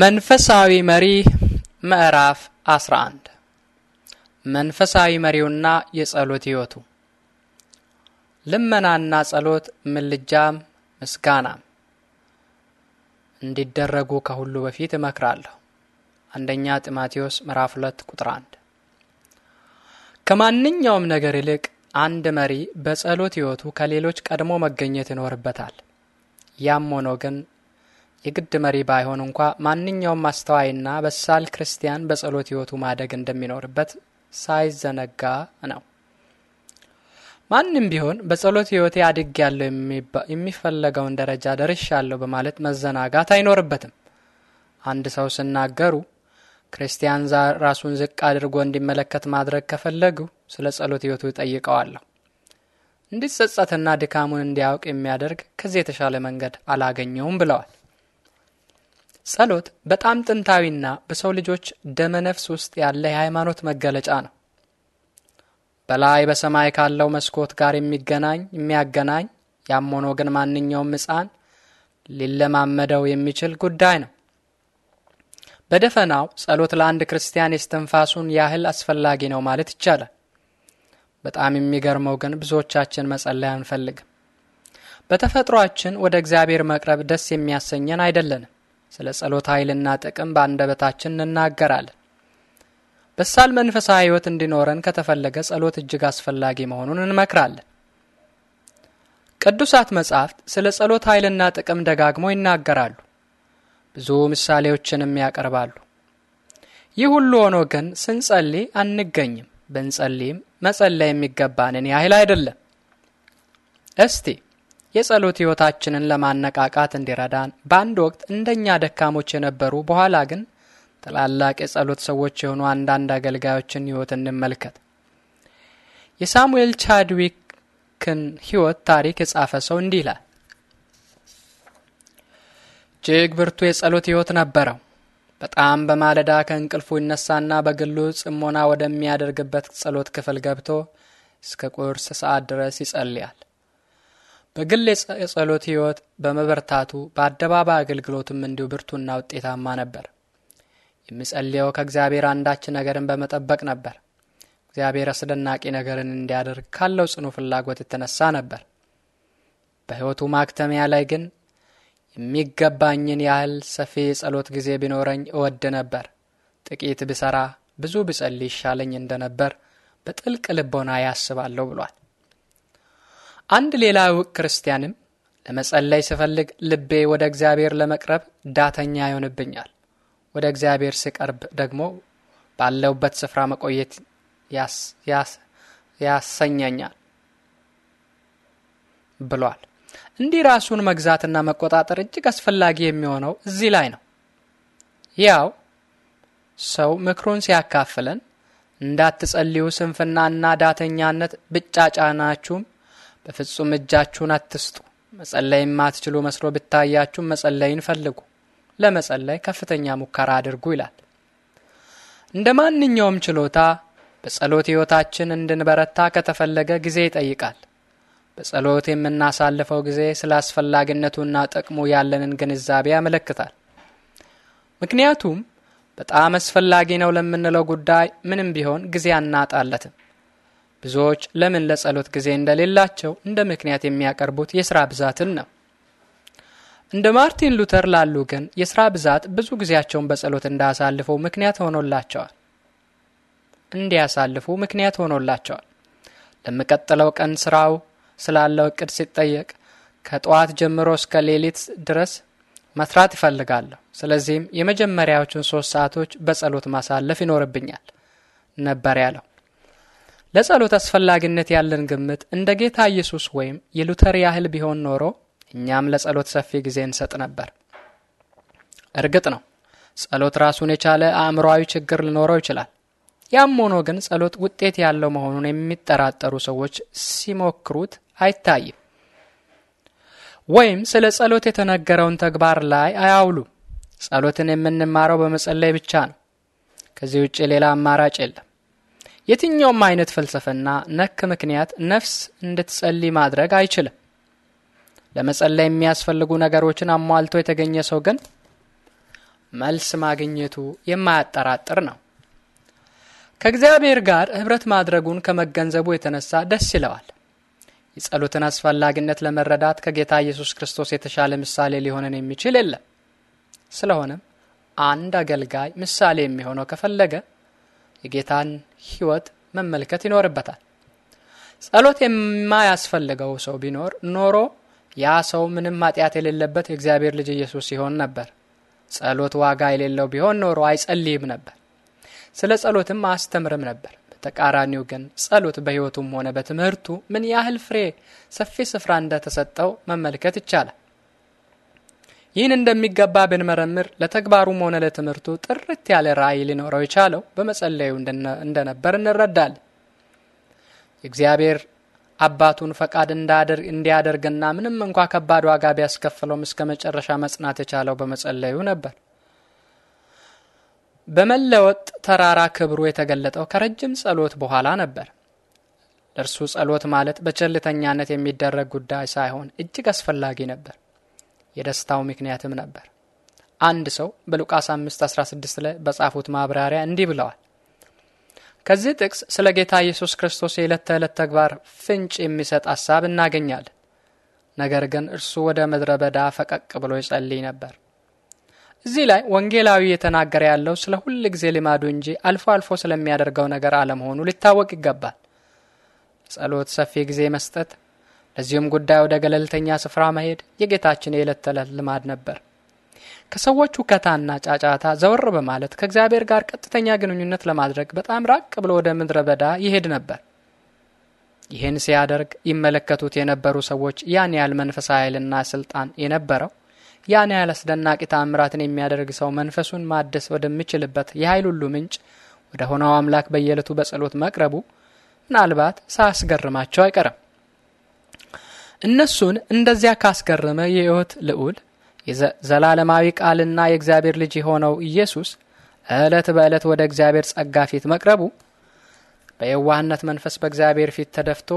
መንፈሳዊ መሪ ምዕራፍ 11 መንፈሳዊ መሪውና የጸሎት ሕይወቱ ልመናና ጸሎት ምልጃም ምስጋናም እንዲደረጉ ከሁሉ በፊት እመክራለሁ። አንደኛ ጢሞቴዎስ ምዕራፍ 2 ቁጥር 1። ከማንኛውም ነገር ይልቅ አንድ መሪ በጸሎት ሕይወቱ ከሌሎች ቀድሞ መገኘት ይኖርበታል። ያም ሆኖ ግን የግድ መሪ ባይሆን እንኳ ማንኛውም አስተዋይና በሳል ክርስቲያን በጸሎት ሕይወቱ ማደግ እንደሚኖርበት ሳይዘነጋ ነው። ማንም ቢሆን በጸሎት ሕይወቴ አድግ ያለው የሚፈለገውን ደረጃ ደርሻለሁ በማለት መዘናጋት አይኖርበትም። አንድ ሰው ስናገሩ ክርስቲያን ራሱን ዝቅ አድርጎ እንዲመለከት ማድረግ ከፈለጉ ስለ ጸሎት ሕይወቱ ጠይቀዋለሁ። እንዲጸጸትና ድካሙን እንዲያውቅ የሚያደርግ ከዚህ የተሻለ መንገድ አላገኘውም ብለዋል። ጸሎት በጣም ጥንታዊና በሰው ልጆች ደመ ነፍስ ውስጥ ያለ የሃይማኖት መገለጫ ነው። በላይ በሰማይ ካለው መስኮት ጋር የሚገናኝ የሚያገናኝ ያም ሆኖ ግን ማንኛውም ሕፃን ሊለማመደው የሚችል ጉዳይ ነው። በደፈናው ጸሎት ለአንድ ክርስቲያን የስትንፋሱን ያህል አስፈላጊ ነው ማለት ይቻላል። በጣም የሚገርመው ግን ብዙዎቻችን መጸለይ አንፈልግም። በተፈጥሯችን ወደ እግዚአብሔር መቅረብ ደስ የሚያሰኘን አይደለንም። ስለ ጸሎት ኃይልና ጥቅም በአንደበታችን እንናገራለን። በሳል መንፈሳዊ ሕይወት እንዲኖረን ከተፈለገ ጸሎት እጅግ አስፈላጊ መሆኑን እንመክራለን። ቅዱሳት መጻሕፍት ስለ ጸሎት ኃይልና ጥቅም ደጋግሞ ይናገራሉ፣ ብዙ ምሳሌዎችንም ያቀርባሉ። ይህ ሁሉ ሆኖ ግን ስንጸልይ አንገኝም። ብንጸልይም መጸለይ የሚገባንን ያህል አይደለም። እስቲ የጸሎት ሕይወታችንን ለማነቃቃት እንዲረዳን በአንድ ወቅት እንደኛ ደካሞች የነበሩ በኋላ ግን ትላላቅ የጸሎት ሰዎች የሆኑ አንዳንድ አገልጋዮችን ሕይወት እንመልከት። የሳሙኤል ቻድዊክን ሕይወት ታሪክ የጻፈ ሰው እንዲህ ይላል። እጅግ ብርቱ የጸሎት ሕይወት ነበረው። በጣም በማለዳ ከእንቅልፉ ይነሳና በግሉ ጽሞና ወደሚያደርግበት ጸሎት ክፍል ገብቶ እስከ ቁርስ ሰዓት ድረስ ይጸልያል። በግል የጸሎት ሕይወት በመበርታቱ በአደባባይ አገልግሎትም እንዲሁ ብርቱና ውጤታማ ነበር። የሚጸልየው ከእግዚአብሔር አንዳች ነገርን በመጠበቅ ነበር። እግዚአብሔር አስደናቂ ነገርን እንዲያደርግ ካለው ጽኑ ፍላጎት የተነሳ ነበር። በሕይወቱ ማክተሚያ ላይ ግን የሚገባኝን ያህል ሰፊ የጸሎት ጊዜ ቢኖረኝ እወድ ነበር፣ ጥቂት ብሰራ፣ ብዙ ብጸልይ ይሻለኝ እንደነበር በጥልቅ ልቦና ያስባለሁ ብሏል። አንድ ሌላ ውቅ ክርስቲያንም ለመጸለይ ስፈልግ ልቤ ወደ እግዚአብሔር ለመቅረብ ዳተኛ ይሆንብኛል። ወደ እግዚአብሔር ስቀርብ ደግሞ ባለውበት ስፍራ መቆየት ያሰኘኛል ብሏል። እንዲህ ራሱን መግዛትና መቆጣጠር እጅግ አስፈላጊ የሚሆነው እዚህ ላይ ነው። ያው ሰው ምክሩን ሲያካፍለን እንዳትጸልዩ ስንፍናና ዳተኛነት ብጫጫናችሁም በፍጹም እጃችሁን አትስጡ። መጸለይ የማትችሉ መስሎ ብታያችሁ መጸለይን ፈልጉ። ለመጸለይ ከፍተኛ ሙከራ አድርጉ ይላል። እንደ ማንኛውም ችሎታ በጸሎት ሕይወታችን እንድንበረታ ከተፈለገ ጊዜ ይጠይቃል። በጸሎት የምናሳልፈው ጊዜ ስለ አስፈላጊነቱና ጥቅሙ ያለንን ግንዛቤ ያመለክታል። ምክንያቱም በጣም አስፈላጊ ነው ለምንለው ጉዳይ ምንም ቢሆን ጊዜ አናጣለትም። ብዙዎች ለምን ለጸሎት ጊዜ እንደሌላቸው እንደ ምክንያት የሚያቀርቡት የሥራ ብዛትን ነው። እንደ ማርቲን ሉተር ላሉ ግን የሥራ ብዛት ብዙ ጊዜያቸውን በጸሎት እንዳያሳልፈው ምክንያት ሆኖላቸዋል እንዲያሳልፉ ምክንያት ሆኖላቸዋል። ለሚቀጥለው ቀን ስራው ስላለው እቅድ ሲጠየቅ ከጠዋት ጀምሮ እስከ ሌሊት ድረስ መስራት ይፈልጋለሁ። ስለዚህም የመጀመሪያዎቹን ሶስት ሰዓቶች በጸሎት ማሳለፍ ይኖርብኛል ነበር ያለው። ለጸሎት አስፈላጊነት ያለን ግምት እንደ ጌታ ኢየሱስ ወይም የሉተር ያህል ቢሆን ኖሮ እኛም ለጸሎት ሰፊ ጊዜ እንሰጥ ነበር። እርግጥ ነው ጸሎት ራሱን የቻለ አእምሮአዊ ችግር ሊኖረው ይችላል። ያም ሆኖ ግን ጸሎት ውጤት ያለው መሆኑን የሚጠራጠሩ ሰዎች ሲሞክሩት አይታይም ወይም ስለ ጸሎት የተነገረውን ተግባር ላይ አያውሉ። ጸሎትን የምንማረው በመጸለይ ብቻ ነው። ከዚህ ውጭ ሌላ አማራጭ የለም። የትኛውም አይነት ፍልስፍና ነክ ምክንያት ነፍስ እንድትጸልይ ማድረግ አይችልም። ለመጸለይ የሚያስፈልጉ ነገሮችን አሟልቶ የተገኘ ሰው ግን መልስ ማግኘቱ የማያጠራጥር ነው። ከእግዚአብሔር ጋር ኅብረት ማድረጉን ከመገንዘቡ የተነሳ ደስ ይለዋል። የጸሎትን አስፈላጊነት ለመረዳት ከጌታ ኢየሱስ ክርስቶስ የተሻለ ምሳሌ ሊሆንን የሚችል የለም። ስለሆነም አንድ አገልጋይ ምሳሌ የሚሆነው ከፈለገ የጌታን ሕይወት መመልከት ይኖርበታል። ጸሎት የማያስፈልገው ሰው ቢኖር ኖሮ ያ ሰው ምንም ኃጢአት የሌለበት የእግዚአብሔር ልጅ ኢየሱስ ሲሆን ነበር። ጸሎት ዋጋ የሌለው ቢሆን ኖሮ አይጸልይም ነበር፣ ስለ ጸሎትም አያስተምርም ነበር። በተቃራኒው ግን ጸሎት በሕይወቱም ሆነ በትምህርቱ ምን ያህል ፍሬ ሰፊ ስፍራ እንደተሰጠው መመልከት ይቻላል። ይህን እንደሚገባ ብንመረምር ለተግባሩም ሆነ ለትምህርቱ ጥርት ያለ ራዕይ ሊኖረው የቻለው በመጸለዩ እንደነበር እንረዳለን። የእግዚአብሔር አባቱን ፈቃድ እንዲያደርግና ምንም እንኳ ከባድ ዋጋ ቢያስከፍለውም እስከ መጨረሻ መጽናት የቻለው በመጸለዩ ነበር። በመለወጥ ተራራ ክብሩ የተገለጠው ከረጅም ጸሎት በኋላ ነበር። ለእርሱ ጸሎት ማለት በቸልተኛነት የሚደረግ ጉዳይ ሳይሆን እጅግ አስፈላጊ ነበር። የደስታው ምክንያትም ነበር። አንድ ሰው በሉቃስ 16 ላይ በጻፉት ማብራሪያ እንዲህ ብለዋል። ከዚህ ጥቅስ ስለ ጌታ ኢየሱስ ክርስቶስ የዕለት ተዕለት ተግባር ፍንጭ የሚሰጥ ሐሳብ እናገኛለን። ነገር ግን እርሱ ወደ ምድረ በዳ ፈቀቅ ብሎ ይጸልይ ነበር። እዚህ ላይ ወንጌላዊ የተናገረ ያለው ስለ ሁል ጊዜ ልማዱ እንጂ አልፎ አልፎ ስለሚያደርገው ነገር አለመሆኑ ሊታወቅ ይገባል። ጸሎት ሰፊ ጊዜ መስጠት ለዚሁም ጉዳይ ወደ ገለልተኛ ስፍራ መሄድ የጌታችን የዕለት ተዕለት ልማድ ነበር። ከሰዎች ውከታና ጫጫታ ዘወር በማለት ከእግዚአብሔር ጋር ቀጥተኛ ግንኙነት ለማድረግ በጣም ራቅ ብሎ ወደ ምድረ በዳ ይሄድ ነበር። ይህን ሲያደርግ ይመለከቱት የነበሩ ሰዎች ያን ያህል መንፈሳዊ ኃይልና ስልጣን የነበረው ያን ያህል አስደናቂ ታምራትን የሚያደርግ ሰው መንፈሱን ማደስ ወደሚችልበት የኃይል ሁሉ ምንጭ ወደ ሆነው አምላክ በየዕለቱ በጸሎት መቅረቡ ምናልባት ሳያስገርማቸው አይቀርም። እነሱን እንደዚያ ካስገረመ የሕይወት ልዑል የዘላለማዊ ቃልና የእግዚአብሔር ልጅ የሆነው ኢየሱስ ዕለት በዕለት ወደ እግዚአብሔር ጸጋ ፊት መቅረቡ በየዋህነት መንፈስ በእግዚአብሔር ፊት ተደፍቶ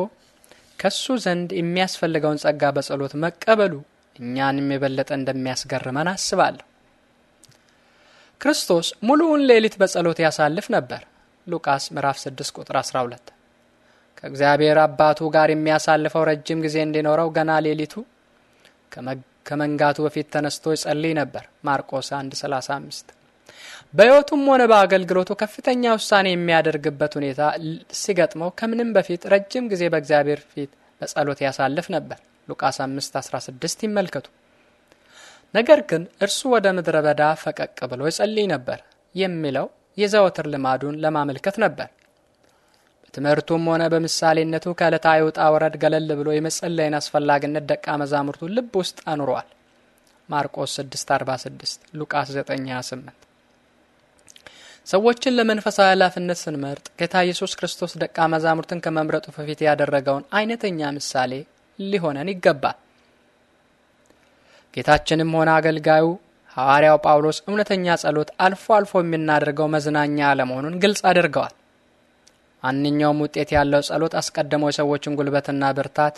ከሱ ዘንድ የሚያስፈልገውን ጸጋ በጸሎት መቀበሉ እኛንም የበለጠ እንደሚያስገርመን አስባለሁ። ክርስቶስ ሙሉውን ሌሊት በጸሎት ያሳልፍ ነበር። ሉቃስ ምዕራፍ 6 ቁጥር 12 ከእግዚአብሔር አባቱ ጋር የሚያሳልፈው ረጅም ጊዜ እንዲኖረው ገና ሌሊቱ ከመንጋቱ በፊት ተነስቶ ይጸልይ ነበር። ማርቆስ 1:35 በሕይወቱም ሆነ በአገልግሎቱ ከፍተኛ ውሳኔ የሚያደርግበት ሁኔታ ሲገጥመው ከምንም በፊት ረጅም ጊዜ በእግዚአብሔር ፊት በጸሎት ያሳልፍ ነበር። ሉቃስ 5 16 ይመልከቱ። ነገር ግን እርሱ ወደ ምድረ በዳ ፈቀቅ ብሎ ይጸልይ ነበር የሚለው የዘወትር ልማዱን ለማመልከት ነበር። ትምህርቱም ሆነ በምሳሌነቱ ከዕለታዊ ውጣ ወረድ ገለል ብሎ የመጸለይን አስፈላጊነት ደቀ መዛሙርቱ ልብ ውስጥ አኑረዋል። ማርቆስ 6:46 ሉቃስ 9:28 ሰዎችን ለመንፈሳዊ ኃላፊነት ስንመርጥ ጌታ ኢየሱስ ክርስቶስ ደቀ መዛሙርትን ከመምረጡ በፊት ያደረገውን አይነተኛ ምሳሌ ሊሆነን ይገባል። ጌታችንም ሆነ አገልጋዩ ሐዋርያው ጳውሎስ እውነተኛ ጸሎት አልፎ አልፎ የምናደርገው መዝናኛ አለመሆኑን ግልጽ አድርገዋል። ማንኛውም ውጤት ያለው ጸሎት አስቀድሞ የሰዎችን ጉልበትና ብርታት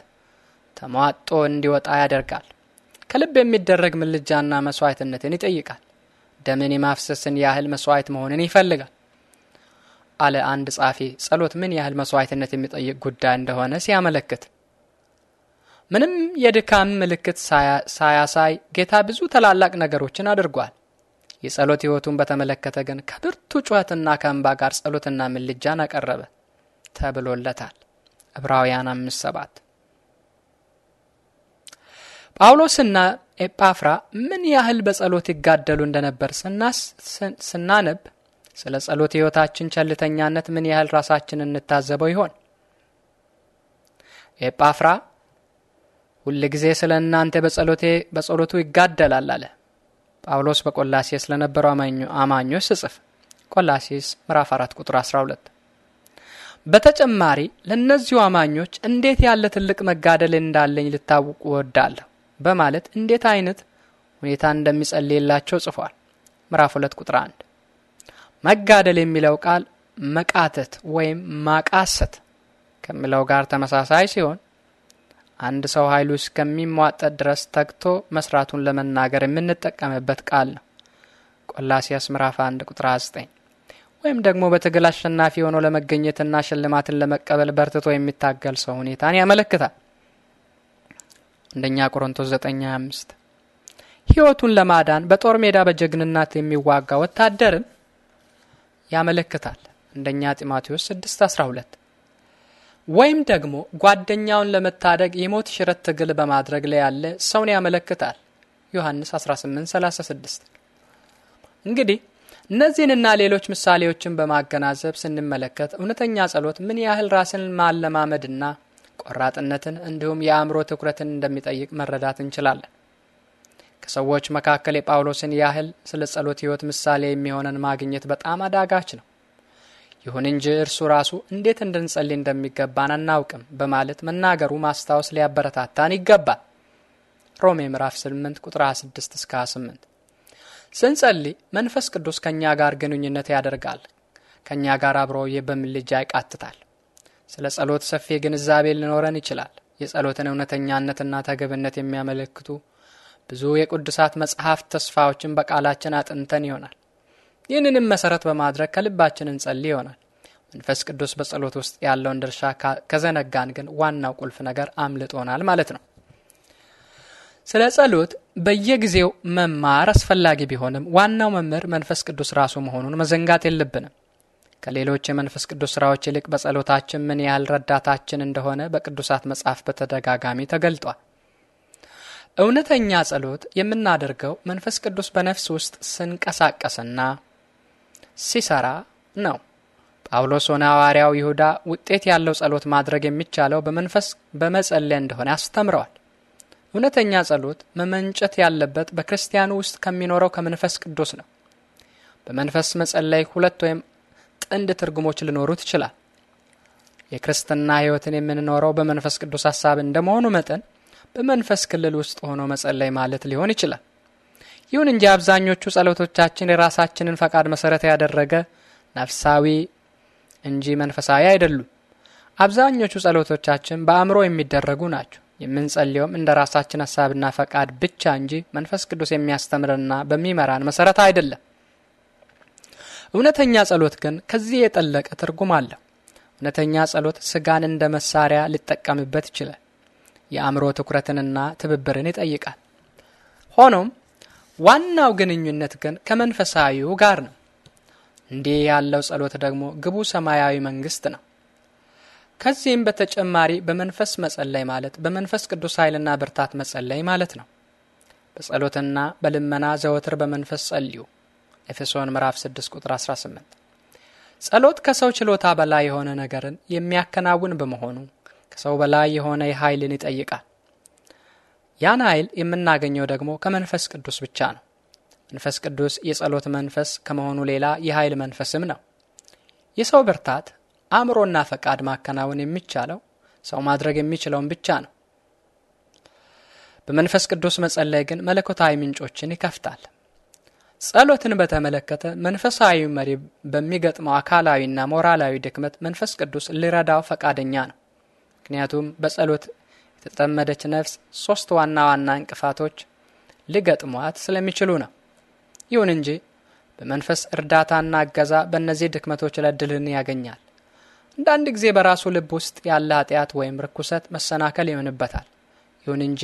ተሟጦ እንዲወጣ ያደርጋል። ከልብ የሚደረግ ምልጃና መስዋዕትነትን ይጠይቃል። ደምን የማፍሰስን ያህል መስዋዕት መሆንን ይፈልጋል አለ አንድ ጻፊ። ጸሎት ምን ያህል መስዋዕትነት የሚጠይቅ ጉዳይ እንደሆነ ሲያመለክት ምንም የድካም ምልክት ሳያሳይ ጌታ ብዙ ታላላቅ ነገሮችን አድርጓል። የጸሎት ሕይወቱን በተመለከተ ግን ከብርቱ ጩኸትና ከእንባ ጋር ጸሎትና ምልጃን አቀረበ ተብሎለታል። ዕብራውያን አምስት ሰባት ጳውሎስና ኤጳፍራ ምን ያህል በጸሎት ይጋደሉ እንደነበር ስናነብ ስለ ጸሎት ሕይወታችን ቸልተኛነት ምን ያህል ራሳችን እንታዘበው ይሆን? ኤጳፍራ ጊዜ ስለ እናንተ በጸሎቴ በጸሎቱ ይጋደላል አለ። ጳውሎስ በቆላሴስ ለነበሩ አማኞች ስጽፍ ቆላሴስ ምዕራፍ 4 ቁጥር 12። በተጨማሪ ለእነዚሁ አማኞች እንዴት ያለ ትልቅ መጋደል እንዳለኝ ልታውቁ ወዳለሁ በማለት እንዴት አይነት ሁኔታ እንደሚጸልይላቸው ጽፏል። ምዕራፍ 2 ቁጥር 1 መጋደል የሚለው ቃል መቃተት ወይም ማቃሰት ከሚለው ጋር ተመሳሳይ ሲሆን አንድ ሰው ኃይሉ እስከሚሟጠጥ ድረስ ተግቶ መስራቱን ለመናገር የምንጠቀምበት ቃል ነው። ቆላሲያስ ምዕራፍ 1 ቁጥር 29 ወይም ደግሞ በትግል አሸናፊ ሆኖ ለመገኘትና ሽልማትን ለመቀበል በርትቶ የሚታገል ሰው ሁኔታን ያመለክታል። አንደኛ ቆሮንቶስ 9:25 ሕይወቱን ለማዳን በጦር ሜዳ በጀግንነት የሚዋጋ ወታደርን ያመለክታል። አንደኛ ጢሞቴዎስ 6:12 ወይም ደግሞ ጓደኛውን ለመታደግ የሞት ሽረት ትግል በማድረግ ላይ ያለ ሰውን ያመለክታል። ዮሐንስ 18:36 እንግዲህ እነዚህንና ሌሎች ምሳሌዎችን በማገናዘብ ስንመለከት እውነተኛ ጸሎት ምን ያህል ራስን ማለማመድና ቆራጥነትን እንዲሁም የአእምሮ ትኩረትን እንደሚጠይቅ መረዳት እንችላለን። ከሰዎች መካከል የጳውሎስን ያህል ስለ ጸሎት ሕይወት ምሳሌ የሚሆነን ማግኘት በጣም አዳጋች ነው። ይሁን እንጂ እርሱ ራሱ እንዴት እንድንጸልይ እንደሚገባን አናውቅም በማለት መናገሩ ማስታወስ ሊያበረታታን ይገባል። ሮሜ ምዕራፍ 8 ቁጥር 26 እስከ 28 ስንጸልይ መንፈስ ቅዱስ ከእኛ ጋር ግንኙነት ያደርጋል፣ ከእኛ ጋር አብሮ በምልጃ ይቃትታል። ስለ ጸሎት ሰፊ ግንዛቤ ሊኖረን ይችላል። የጸሎትን እውነተኛነትና ተገብነት የሚያመለክቱ ብዙ የቅዱሳት መጽሐፍ ተስፋዎችን በቃላችን አጥንተን ይሆናል። ይህንንም መሰረት በማድረግ ከልባችን እንጸልይ ይሆናል። መንፈስ ቅዱስ በጸሎት ውስጥ ያለውን ድርሻ ከዘነጋን ግን ዋናው ቁልፍ ነገር አምልጦናል ማለት ነው። ስለ ጸሎት በየጊዜው መማር አስፈላጊ ቢሆንም ዋናው መምህር መንፈስ ቅዱስ ራሱ መሆኑን መዘንጋት የለብንም። ከሌሎች የመንፈስ ቅዱስ ስራዎች ይልቅ በጸሎታችን ምን ያህል ረዳታችን እንደሆነ በቅዱሳት መጽሐፍ በተደጋጋሚ ተገልጧል። እውነተኛ ጸሎት የምናደርገው መንፈስ ቅዱስ በነፍስ ውስጥ ስንቀሳቀስና ሲሰራ ነው። ጳውሎስ ሆነ ሐዋርያው ይሁዳ ውጤት ያለው ጸሎት ማድረግ የሚቻለው በመንፈስ በመጸለይ እንደሆነ አስተምረዋል። እውነተኛ ጸሎት መመንጨት ያለበት በክርስቲያኑ ውስጥ ከሚኖረው ከመንፈስ ቅዱስ ነው። በመንፈስ መጸለይ ሁለት ወይም ጥንድ ትርጉሞች ሊኖሩት ይችላል። የክርስትና ሕይወትን የምንኖረው በመንፈስ ቅዱስ ሐሳብ እንደመሆኑ መጠን በመንፈስ ክልል ውስጥ ሆኖ መጸለይ ማለት ሊሆን ይችላል። ይሁን እንጂ አብዛኞቹ ጸሎቶቻችን የራሳችንን ፈቃድ መሰረት ያደረገ ነፍሳዊ እንጂ መንፈሳዊ አይደሉም። አብዛኞቹ ጸሎቶቻችን በአእምሮ የሚደረጉ ናቸው። የምንጸልየውም እንደ ራሳችን ሀሳብና ፈቃድ ብቻ እንጂ መንፈስ ቅዱስ የሚያስተምርና በሚመራን መሰረት አይደለም። እውነተኛ ጸሎት ግን ከዚህ የጠለቀ ትርጉም አለው። እውነተኛ ጸሎት ስጋን እንደ መሳሪያ ሊጠቀምበት ይችላል። የአእምሮ ትኩረትንና ትብብርን ይጠይቃል። ሆኖም ዋናው ግንኙነት ግን ከመንፈሳዊው ጋር ነው። እንዲህ ያለው ጸሎት ደግሞ ግቡ ሰማያዊ መንግስት ነው። ከዚህም በተጨማሪ በመንፈስ መጸለይ ማለት በመንፈስ ቅዱስ ኃይልና ብርታት መጸለይ ማለት ነው። በጸሎትና በልመና ዘወትር በመንፈስ ጸልዩ። ኤፌሶን ምዕራፍ 6 ቁጥር 18። ጸሎት ከሰው ችሎታ በላይ የሆነ ነገርን የሚያከናውን በመሆኑ ከሰው በላይ የሆነ የኃይልን ይጠይቃል። ያን ኃይል የምናገኘው ደግሞ ከመንፈስ ቅዱስ ብቻ ነው። መንፈስ ቅዱስ የጸሎት መንፈስ ከመሆኑ ሌላ የኃይል መንፈስም ነው። የሰው ብርታት፣ አእምሮና ፈቃድ ማከናወን የሚቻለው ሰው ማድረግ የሚችለውን ብቻ ነው። በመንፈስ ቅዱስ መጸለይ ግን መለኮታዊ ምንጮችን ይከፍታል። ጸሎትን በተመለከተ መንፈሳዊ መሪ በሚገጥመው አካላዊና ሞራላዊ ድክመት መንፈስ ቅዱስ ሊረዳው ፈቃደኛ ነው። ምክንያቱም በጸሎት የተጠመደች ነፍስ ሶስት ዋና ዋና እንቅፋቶች ሊገጥሟት ስለሚችሉ ነው። ይሁን እንጂ በመንፈስ እርዳታና እገዛ በእነዚህ ድክመቶች ለድልን ያገኛል። አንዳንድ ጊዜ በራሱ ልብ ውስጥ ያለ ኃጢአት ወይም ርኩሰት መሰናከል ይሆንበታል። ይሁን እንጂ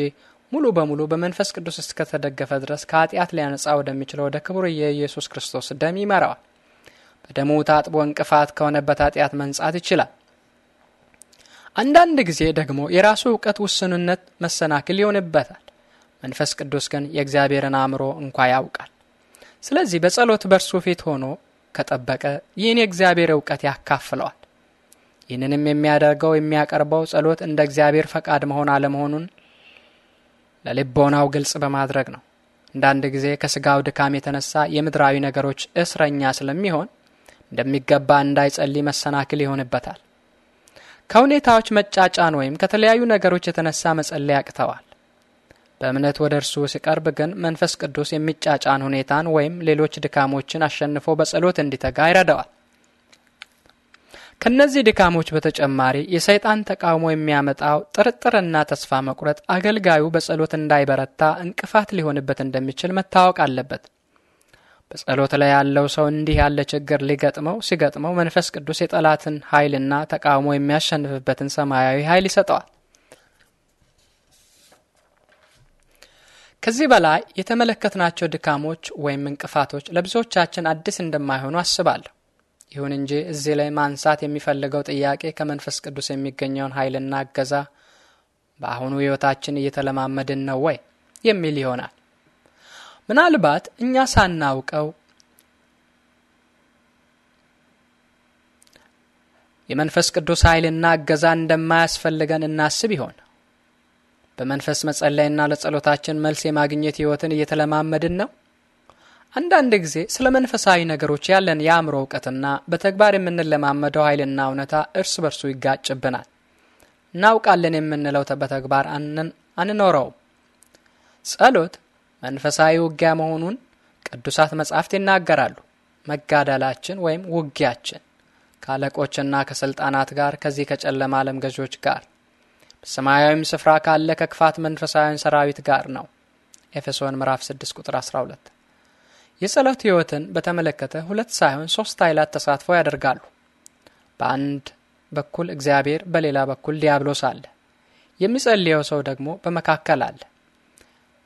ሙሉ በሙሉ በመንፈስ ቅዱስ እስከተደገፈ ድረስ ከኃጢአት ሊያነጻ ወደሚችለው ወደ ክቡር የኢየሱስ ክርስቶስ ደም ይመራዋል። በደሙ ታጥቦ እንቅፋት ከሆነበት ኃጢአት መንጻት ይችላል። አንዳንድ ጊዜ ደግሞ የራሱ እውቀት ውስንነት መሰናክል ይሆንበታል። መንፈስ ቅዱስ ግን የእግዚአብሔርን አእምሮ እንኳ ያውቃል። ስለዚህ በጸሎት በእርሱ ፊት ሆኖ ከጠበቀ ይህን የእግዚአብሔር እውቀት ያካፍለዋል። ይህንንም የሚያደርገው የሚያቀርበው ጸሎት እንደ እግዚአብሔር ፈቃድ መሆን አለመሆኑን ለልቦናው ግልጽ በማድረግ ነው። አንዳንድ ጊዜ ከስጋው ድካም የተነሳ የምድራዊ ነገሮች እስረኛ ስለሚሆን እንደሚገባ እንዳይጸልይ መሰናክል ይሆንበታል። ከሁኔታዎች መጫጫን ወይም ከተለያዩ ነገሮች የተነሳ መጸለይ ያቅተዋል። በእምነት ወደ እርሱ ሲቀርብ ግን መንፈስ ቅዱስ የሚጫጫን ሁኔታን ወይም ሌሎች ድካሞችን አሸንፎ በጸሎት እንዲተጋ ይረዳዋል። ከነዚህ ድካሞች በተጨማሪ የሰይጣን ተቃውሞ የሚያመጣው ጥርጥርና ተስፋ መቁረጥ አገልጋዩ በጸሎት እንዳይበረታ እንቅፋት ሊሆንበት እንደሚችል መታወቅ አለበት። በጸሎት ላይ ያለው ሰው እንዲህ ያለ ችግር ሊገጥመው ሲገጥመው መንፈስ ቅዱስ የጠላትን ኃይልና ተቃውሞ የሚያሸንፍበትን ሰማያዊ ኃይል ይሰጠዋል። ከዚህ በላይ የተመለከትናቸው ድካሞች ወይም እንቅፋቶች ለብዙዎቻችን አዲስ እንደማይሆኑ አስባለሁ። ይሁን እንጂ እዚህ ላይ ማንሳት የሚፈልገው ጥያቄ ከመንፈስ ቅዱስ የሚገኘውን ኃይልና እገዛ በአሁኑ ሕይወታችን እየተለማመድን ነው ወይ የሚል ይሆናል። ምናልባት እኛ ሳናውቀው የመንፈስ ቅዱስ ኃይልና እገዛ እንደማያስፈልገን እናስብ ይሆን? በመንፈስ መጸለይና ለጸሎታችን መልስ የማግኘት ሕይወትን እየተለማመድን ነው። አንዳንድ ጊዜ ስለ መንፈሳዊ ነገሮች ያለን የአእምሮ እውቀትና በተግባር የምንለማመደው ኃይልና እውነታ እርስ በርሱ ይጋጭብናል። እናውቃለን የምንለው በተግባር አንኖረውም። ጸሎት መንፈሳዊ ውጊያ መሆኑን ቅዱሳት መጻሕፍት ይናገራሉ። መጋደላችን ወይም ውጊያችን ከአለቆችና ከስልጣናት ጋር ከዚህ ከጨለማ ዓለም ገዢዎች ጋር በሰማያዊም ስፍራ ካለ ከክፋት መንፈሳዊን ሰራዊት ጋር ነው። ኤፌሶን ምዕራፍ 6 ቁጥር 12። የጸሎት ሕይወትን በተመለከተ ሁለት ሳይሆን ሶስት ኃይላት ተሳትፎ ያደርጋሉ። በአንድ በኩል እግዚአብሔር፣ በሌላ በኩል ዲያብሎስ አለ። የሚጸልየው ሰው ደግሞ በመካከል አለ።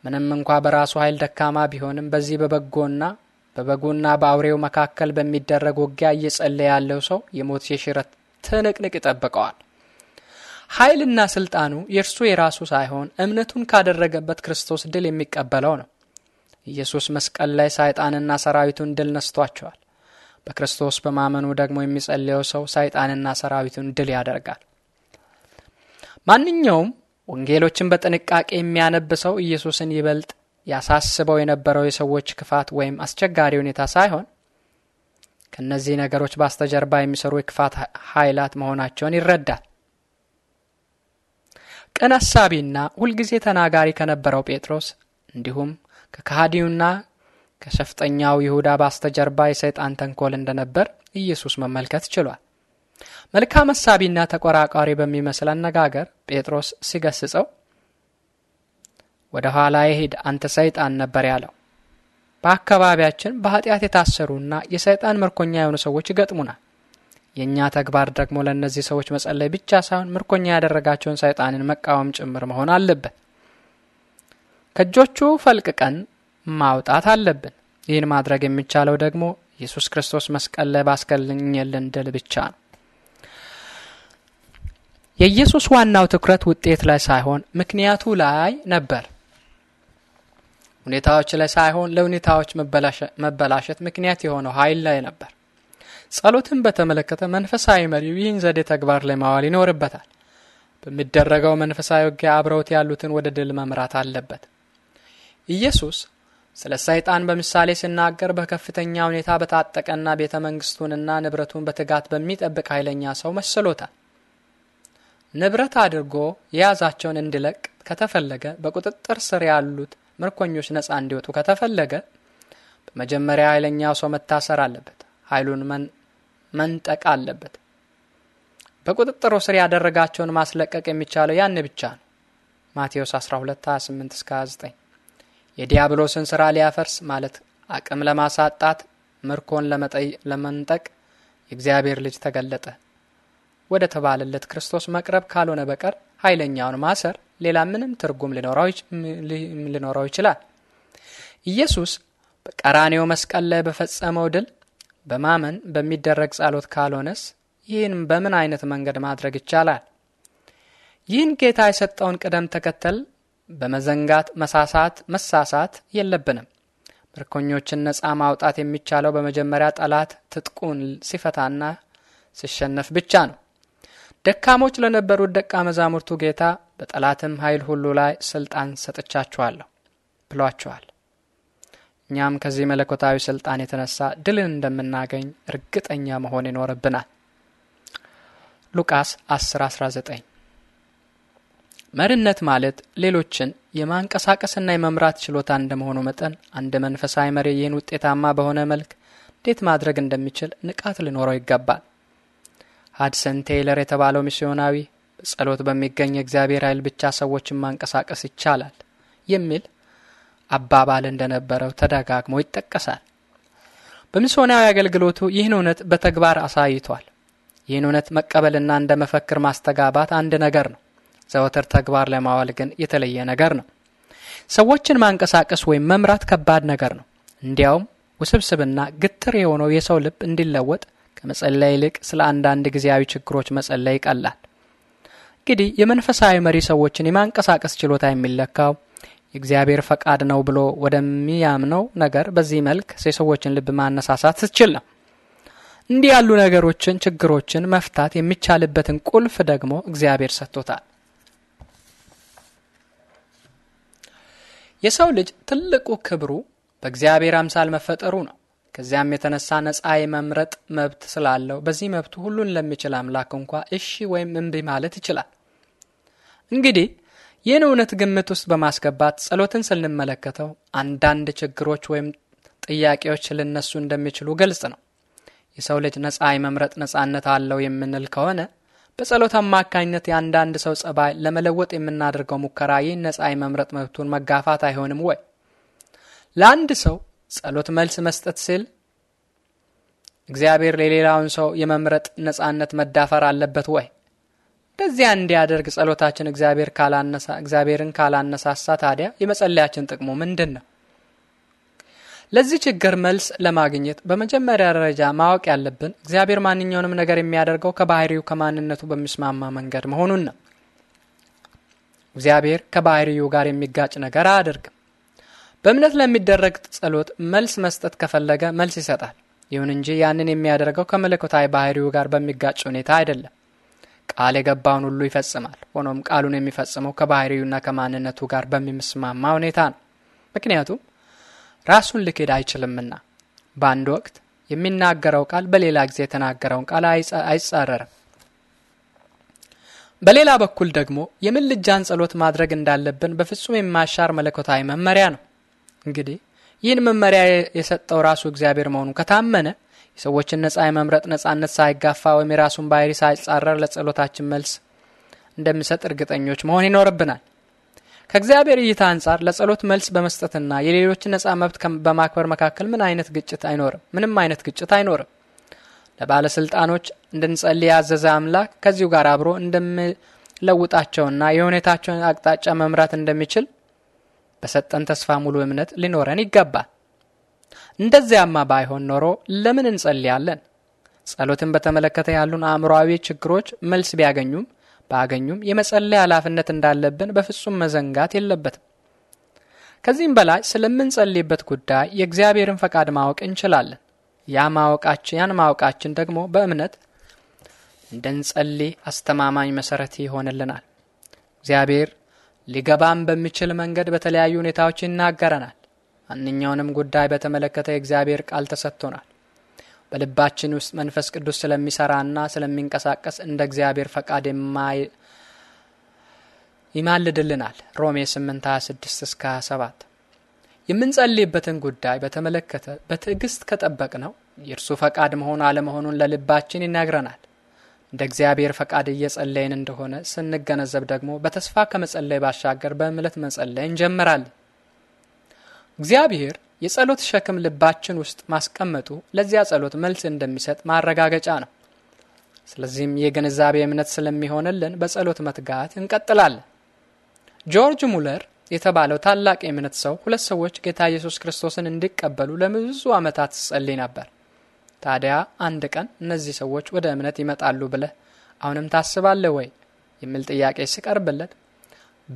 ምንም እንኳ በራሱ ኃይል ደካማ ቢሆንም በዚህ በበጎና በበጉና በአውሬው መካከል በሚደረግ ውጊያ እየጸለየ ያለው ሰው የሞት የሽረት ትንቅንቅ ይጠብቀዋል። ኃይልና ስልጣኑ የእርሱ የራሱ ሳይሆን እምነቱን ካደረገበት ክርስቶስ ድል የሚቀበለው ነው። ኢየሱስ መስቀል ላይ ሰይጣንና ሰራዊቱን ድል ነስቷቸዋል። በክርስቶስ በማመኑ ደግሞ የሚጸልየው ሰው ሰይጣንና ሰራዊቱን ድል ያደርጋል። ማንኛውም ወንጌሎችን በጥንቃቄ የሚያነብ ሰው ኢየሱስን ይበልጥ ያሳስበው የነበረው የሰዎች ክፋት ወይም አስቸጋሪ ሁኔታ ሳይሆን ከእነዚህ ነገሮች በስተጀርባ የሚሰሩ የክፋት ኃይላት መሆናቸውን ይረዳል። ቅን አሳቢና ሁልጊዜ ተናጋሪ ከነበረው ጴጥሮስ እንዲሁም ከካሃዲውና ከሸፍጠኛው ይሁዳ በስተጀርባ የሰይጣን ተንኮል እንደነበር ኢየሱስ መመልከት ችሏል። መልካም አሳቢና ተቆራቋሪ በሚመስል አነጋገር ጴጥሮስ ሲገስጸው ወደ ኋላ ይሄድ አንተ ሰይጣን ነበር ያለው። በአካባቢያችን በኃጢአት የታሰሩና የሰይጣን ምርኮኛ የሆኑ ሰዎች ይገጥሙናል። የእኛ ተግባር ደግሞ ለእነዚህ ሰዎች መጸለይ ብቻ ሳይሆን ምርኮኛ ያደረጋቸውን ሰይጣንን መቃወም ጭምር መሆን አለበት። ከእጆቹ ፈልቅቀን ማውጣት አለብን። ይህን ማድረግ የሚቻለው ደግሞ ኢየሱስ ክርስቶስ መስቀል ላይ ባስገኘልን ድል ብቻ ነው። የኢየሱስ ዋናው ትኩረት ውጤት ላይ ሳይሆን ምክንያቱ ላይ ነበር። ሁኔታዎች ላይ ሳይሆን ለሁኔታዎች መበላሸት ምክንያት የሆነው ኃይል ላይ ነበር። ጸሎትን በተመለከተ መንፈሳዊ መሪው ይህን ዘዴ ተግባር ላይ ማዋል ይኖርበታል። በሚደረገው መንፈሳዊ ውጊያ አብረውት ያሉትን ወደ ድል መምራት አለበት። ኢየሱስ ስለ ሰይጣን በምሳሌ ሲናገር በከፍተኛ ሁኔታ በታጠቀና ቤተ መንግስቱንና ንብረቱን በትጋት በሚጠብቅ ኃይለኛ ሰው መስሎታል። ንብረት አድርጎ የያዛቸውን እንዲለቅ ከተፈለገ፣ በቁጥጥር ስር ያሉት ምርኮኞች ነፃ እንዲወጡ ከተፈለገ በመጀመሪያ ኃይለኛው ሰው መታሰር አለበት፣ ኃይሉን መንጠቅ አለበት። በቁጥጥሩ ስር ያደረጋቸውን ማስለቀቅ የሚቻለው ያን ብቻ ነው። ማቴዎስ 12 28 እስከ 29 የዲያብሎስን ሥራ ሊያፈርስ ማለት አቅም ለማሳጣት ምርኮን ለመንጠቅ የእግዚአብሔር ልጅ ተገለጠ። ወደ ተባለለት ክርስቶስ መቅረብ ካልሆነ በቀር ኃይለኛውን ማሰር ሌላ ምንም ትርጉም ሊኖረው ይችላል። ኢየሱስ በቀራኔው መስቀል ላይ በፈጸመው ድል በማመን በሚደረግ ጸሎት ካልሆነስ ይህን በምን አይነት መንገድ ማድረግ ይቻላል? ይህን ጌታ የሰጠውን ቅደም ተከተል በመዘንጋት መሳሳት መሳሳት የለብንም። ምርኮኞችን ነጻ ማውጣት የሚቻለው በመጀመሪያ ጠላት ትጥቁን ሲፈታና ሲሸነፍ ብቻ ነው። ደካሞች ለነበሩት ደቀ መዛሙርቱ ጌታ በጠላትም ኃይል ሁሉ ላይ ስልጣን ሰጥቻችኋለሁ ብሏቸዋል። እኛም ከዚህ መለኮታዊ ስልጣን የተነሳ ድልን እንደምናገኝ እርግጠኛ መሆን ይኖርብናል። ሉቃስ 10:19 መሪነት ማለት ሌሎችን የማንቀሳቀስና የመምራት ችሎታ እንደመሆኑ መጠን አንድ መንፈሳዊ መሪ ይህን ውጤታማ በሆነ መልክ እንዴት ማድረግ እንደሚችል ንቃት ሊኖረው ይገባል። ሀድሰን ቴይለር የተባለው ሚስዮናዊ በጸሎት በሚገኝ የእግዚአብሔር ኃይል ብቻ ሰዎችን ማንቀሳቀስ ይቻላል የሚል አባባል እንደነበረው ተደጋግሞ ይጠቀሳል። በሚስዮናዊ አገልግሎቱ ይህን እውነት በተግባር አሳይቷል። ይህን እውነት መቀበልና እንደ መፈክር ማስተጋባት አንድ ነገር ነው። ዘወትር ተግባር ለማዋል ግን የተለየ ነገር ነው። ሰዎችን ማንቀሳቀስ ወይም መምራት ከባድ ነገር ነው። እንዲያውም ውስብስብና ግትር የሆነው የሰው ልብ እንዲለወጥ ከመጸለይ ይልቅ ስለ አንዳንድ ጊዜያዊ ችግሮች መጸለይ ይቀላል። እንግዲህ የመንፈሳዊ መሪ ሰዎችን የማንቀሳቀስ ችሎታ የሚለካው የእግዚአብሔር ፈቃድ ነው ብሎ ወደሚያምነው ነገር በዚህ መልክ የሰዎችን ልብ ማነሳሳት ስትችል ነው። እንዲህ ያሉ ነገሮችን፣ ችግሮችን መፍታት የሚቻልበትን ቁልፍ ደግሞ እግዚአብሔር ሰጥቶታል። የሰው ልጅ ትልቁ ክብሩ በእግዚአብሔር አምሳል መፈጠሩ ነው። ከዚያም የተነሳ ነጻ የመምረጥ መብት ስላለው በዚህ መብቱ ሁሉን ለሚችል አምላክ እንኳ እሺ ወይም እምቢ ማለት ይችላል። እንግዲህ ይህን እውነት ግምት ውስጥ በማስገባት ጸሎትን ስንመለከተው አንዳንድ ችግሮች ወይም ጥያቄዎች ልነሱ እንደሚችሉ ግልጽ ነው። የሰው ልጅ ነጻ የመምረጥ ነፃነት አለው የምንል ከሆነ በጸሎት አማካኝነት የአንዳንድ ሰው ጸባይ ለመለወጥ የምናደርገው ሙከራ ይህን ነጻ የመምረጥ መብቱን መጋፋት አይሆንም ወይ? ለአንድ ሰው ጸሎት መልስ መስጠት ሲል እግዚአብሔር ለሌላውን ሰው የመምረጥ ነጻነት መዳፈር አለበት ወይ? እንደዚያ እንዲያደርግ ጸሎታችን እግዚአብሔር ካላነሳ እግዚአብሔርን ካላነሳሳ ታዲያ የመጸለያችን ጥቅሙ ምንድን ነው? ለዚህ ችግር መልስ ለማግኘት በመጀመሪያ ደረጃ ማወቅ ያለብን እግዚአብሔር ማንኛውንም ነገር የሚያደርገው ከባህሪው ከማንነቱ በሚስማማ መንገድ መሆኑን ነው። እግዚአብሔር ከባህሪው ጋር የሚጋጭ ነገር አያደርግም። በእምነት ለሚደረግ ጸሎት መልስ መስጠት ከፈለገ መልስ ይሰጣል። ይሁን እንጂ ያንን የሚያደርገው ከመለኮታዊ ባህሪው ጋር በሚጋጭ ሁኔታ አይደለም። ቃል የገባውን ሁሉ ይፈጽማል። ሆኖም ቃሉን የሚፈጽመው ከባህሪውና ከማንነቱ ጋር በሚስማማ ሁኔታ ነው። ምክንያቱም ራሱን ልክሄድ አይችልምና በአንድ ወቅት የሚናገረው ቃል በሌላ ጊዜ የተናገረውን ቃል አይጻረርም። በሌላ በኩል ደግሞ የምልጃን ጸሎት ማድረግ እንዳለብን በፍጹም የማሻር መለኮታዊ መመሪያ ነው። እንግዲህ ይህን መመሪያ የሰጠው ራሱ እግዚአብሔር መሆኑ ከታመነ የሰዎችን ነጻ የመምረጥ ነጻነት ሳይጋፋ ወይም የራሱን ባህሪ ሳይጻረር ለጸሎታችን መልስ እንደሚሰጥ እርግጠኞች መሆን ይኖርብናል። ከእግዚአብሔር እይታ አንጻር ለጸሎት መልስ በመስጠትና የሌሎችን ነጻ መብት በማክበር መካከል ምን አይነት ግጭት አይኖርም? ምንም አይነት ግጭት አይኖርም። ለባለስልጣኖች እንድንጸልይ ያዘዘ አምላክ ከዚሁ ጋር አብሮ እንደሚለውጣቸውና የሁኔታቸውን አቅጣጫ መምራት እንደሚችል በሰጠን ተስፋ ሙሉ እምነት ሊኖረን ይገባል። እንደዚያማ ባይሆን ኖሮ ለምን እንጸልያለን? ጸሎትን በተመለከተ ያሉን አእምሯዊ ችግሮች መልስ ቢያገኙም ባገኙም የመጸለይ ኃላፊነት እንዳለብን በፍጹም መዘንጋት የለበትም። ከዚህም በላይ ስለምንጸልይበት ጉዳይ የእግዚአብሔርን ፈቃድ ማወቅ እንችላለን። ያ ማወቃችን ያን ማወቃችን ደግሞ በእምነት እንድንጸልይ አስተማማኝ መሰረት ይሆንልናል። እግዚአብሔር ሊገባም በሚችል መንገድ በተለያዩ ሁኔታዎች ይናገረናል። ማንኛውንም ጉዳይ በተመለከተ የእግዚአብሔር ቃል ተሰጥቶናል። በልባችን ውስጥ መንፈስ ቅዱስ ስለሚሰራና ስለሚንቀሳቀስ እንደ እግዚአብሔር ፈቃድ ይማልድልናል። ሮሜ 8 26 እስከ 27 የምንጸልይበትን ጉዳይ በተመለከተ በትዕግስት ከጠበቅ ነው የእርሱ ፈቃድ መሆኑ አለመሆኑን ለልባችን ይነግረናል። እንደ እግዚአብሔር ፈቃድ እየጸለይን እንደሆነ ስንገነዘብ ደግሞ በተስፋ ከመጸለይ ባሻገር በእምለት መጸለይ እንጀምራለን። እግዚአብሔር የጸሎት ሸክም ልባችን ውስጥ ማስቀመጡ ለዚያ ጸሎት መልስ እንደሚሰጥ ማረጋገጫ ነው። ስለዚህም የግንዛቤ እምነት ስለሚሆንልን በጸሎት መትጋት እንቀጥላለን። ጆርጅ ሙለር የተባለው ታላቅ የእምነት ሰው ሁለት ሰዎች ጌታ ኢየሱስ ክርስቶስን እንዲቀበሉ ለብዙ ዓመታት ጸልይ ነበር። ታዲያ አንድ ቀን እነዚህ ሰዎች ወደ እምነት ይመጣሉ ብለህ አሁንም ታስባለህ ወይ የሚል ጥያቄ ስቀርብለት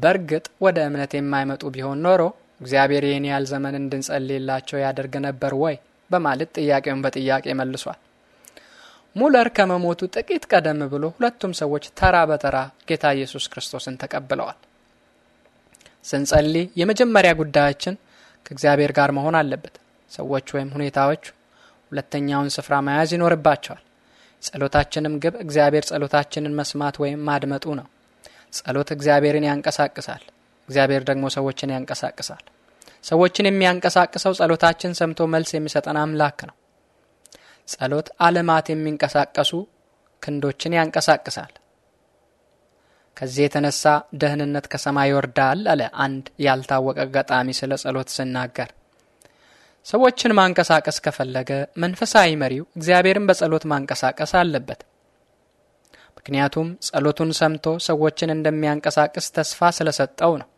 በእርግጥ ወደ እምነት የማይመጡ ቢሆን ኖሮ እግዚአብሔር ይህን ያህል ዘመን እንድንጸልይላቸው ያደርግ ነበር ወይ በማለት ጥያቄውን በጥያቄ መልሷል። ሙለር ከመሞቱ ጥቂት ቀደም ብሎ ሁለቱም ሰዎች ተራ በተራ ጌታ ኢየሱስ ክርስቶስን ተቀብለዋል። ስንጸልይ የመጀመሪያ ጉዳያችን ከእግዚአብሔር ጋር መሆን አለበት። ሰዎች ወይም ሁኔታዎች ሁለተኛውን ስፍራ መያዝ ይኖርባቸዋል። ጸሎታችንም ግብ እግዚአብሔር ጸሎታችንን መስማት ወይም ማድመጡ ነው። ጸሎት እግዚአብሔርን ያንቀሳቅሳል። እግዚአብሔር ደግሞ ሰዎችን ያንቀሳቅሳል። ሰዎችን የሚያንቀሳቅሰው ጸሎታችን ሰምቶ መልስ የሚሰጠን አምላክ ነው። ጸሎት ዓለማት የሚንቀሳቀሱ ክንዶችን ያንቀሳቅሳል። ከዚህ የተነሳ ደህንነት ከሰማይ ይወርዳል አለ አንድ ያልታወቀ ገጣሚ ስለ ጸሎት ስናገር። ሰዎችን ማንቀሳቀስ ከፈለገ መንፈሳዊ መሪው እግዚአብሔርን በጸሎት ማንቀሳቀስ አለበት። ምክንያቱም ጸሎቱን ሰምቶ ሰዎችን እንደሚያንቀሳቅስ ተስፋ ስለሰጠው ነው።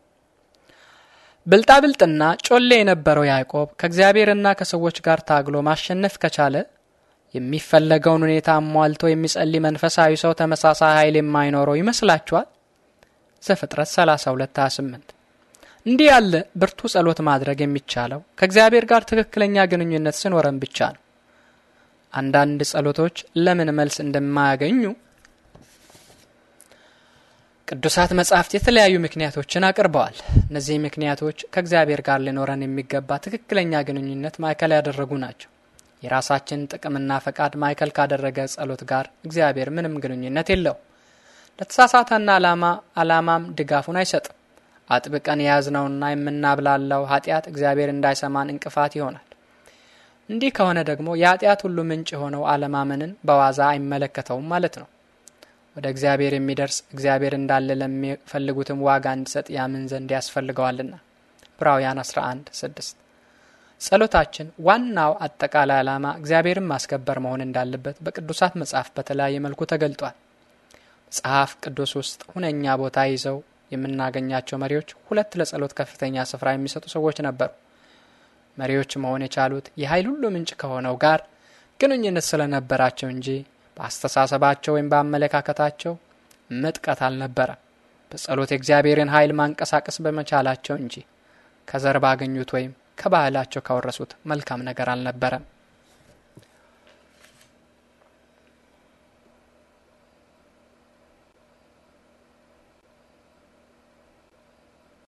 ብልጣብልጥና ጮሌ የነበረው ያዕቆብ ከእግዚአብሔርና ከሰዎች ጋር ታግሎ ማሸነፍ ከቻለ የሚፈለገውን ሁኔታ አሟልቶ የሚጸልይ መንፈሳዊ ሰው ተመሳሳይ ኃይል የማይኖረው ይመስላችኋል? ዘፍጥረት 32 28 እንዲህ ያለ ብርቱ ጸሎት ማድረግ የሚቻለው ከእግዚአብሔር ጋር ትክክለኛ ግንኙነት ስኖረን ብቻ ነው። አንዳንድ ጸሎቶች ለምን መልስ እንደማያገኙ ቅዱሳት መጻሕፍት የተለያዩ ምክንያቶችን አቅርበዋል። እነዚህ ምክንያቶች ከእግዚአብሔር ጋር ሊኖረን የሚገባ ትክክለኛ ግንኙነት ማዕከል ያደረጉ ናቸው። የራሳችን ጥቅምና ፈቃድ ማዕከል ካደረገ ጸሎት ጋር እግዚአብሔር ምንም ግንኙነት የለው። ለተሳሳተና ዓላማ ዓላማም ድጋፉን አይሰጥም። አጥብቀን የያዝነውና የምናብላላው ኃጢአት እግዚአብሔር እንዳይሰማን እንቅፋት ይሆናል። እንዲህ ከሆነ ደግሞ የኃጢአት ሁሉ ምንጭ የሆነው አለማመንን በዋዛ አይመለከተውም ማለት ነው። ወደ እግዚአብሔር የሚደርስ እግዚአብሔር እንዳለ ለሚፈልጉትም ዋጋ እንዲሰጥ ያምን ዘንድ ያስፈልገዋልና ዕብራውያን 11 6 ጸሎታችን ዋናው አጠቃላይ ዓላማ እግዚአብሔርን ማስከበር መሆን እንዳለበት በቅዱሳት መጽሐፍ በተለያየ መልኩ ተገልጧል። መጽሐፍ ቅዱስ ውስጥ ሁነኛ ቦታ ይዘው የምናገኛቸው መሪዎች ሁለት ለጸሎት ከፍተኛ ስፍራ የሚሰጡ ሰዎች ነበሩ። መሪዎች መሆን የቻሉት የኃይል ሁሉ ምንጭ ከሆነው ጋር ግንኙነት ስለነበራቸው እንጂ በአስተሳሰባቸው ወይም በአመለካከታቸው ምጥቀት አልነበረ። በጸሎት የእግዚአብሔርን ኃይል ማንቀሳቀስ በመቻላቸው እንጂ ከዘር ባገኙት ወይም ከባህላቸው ካወረሱት መልካም ነገር አልነበረም።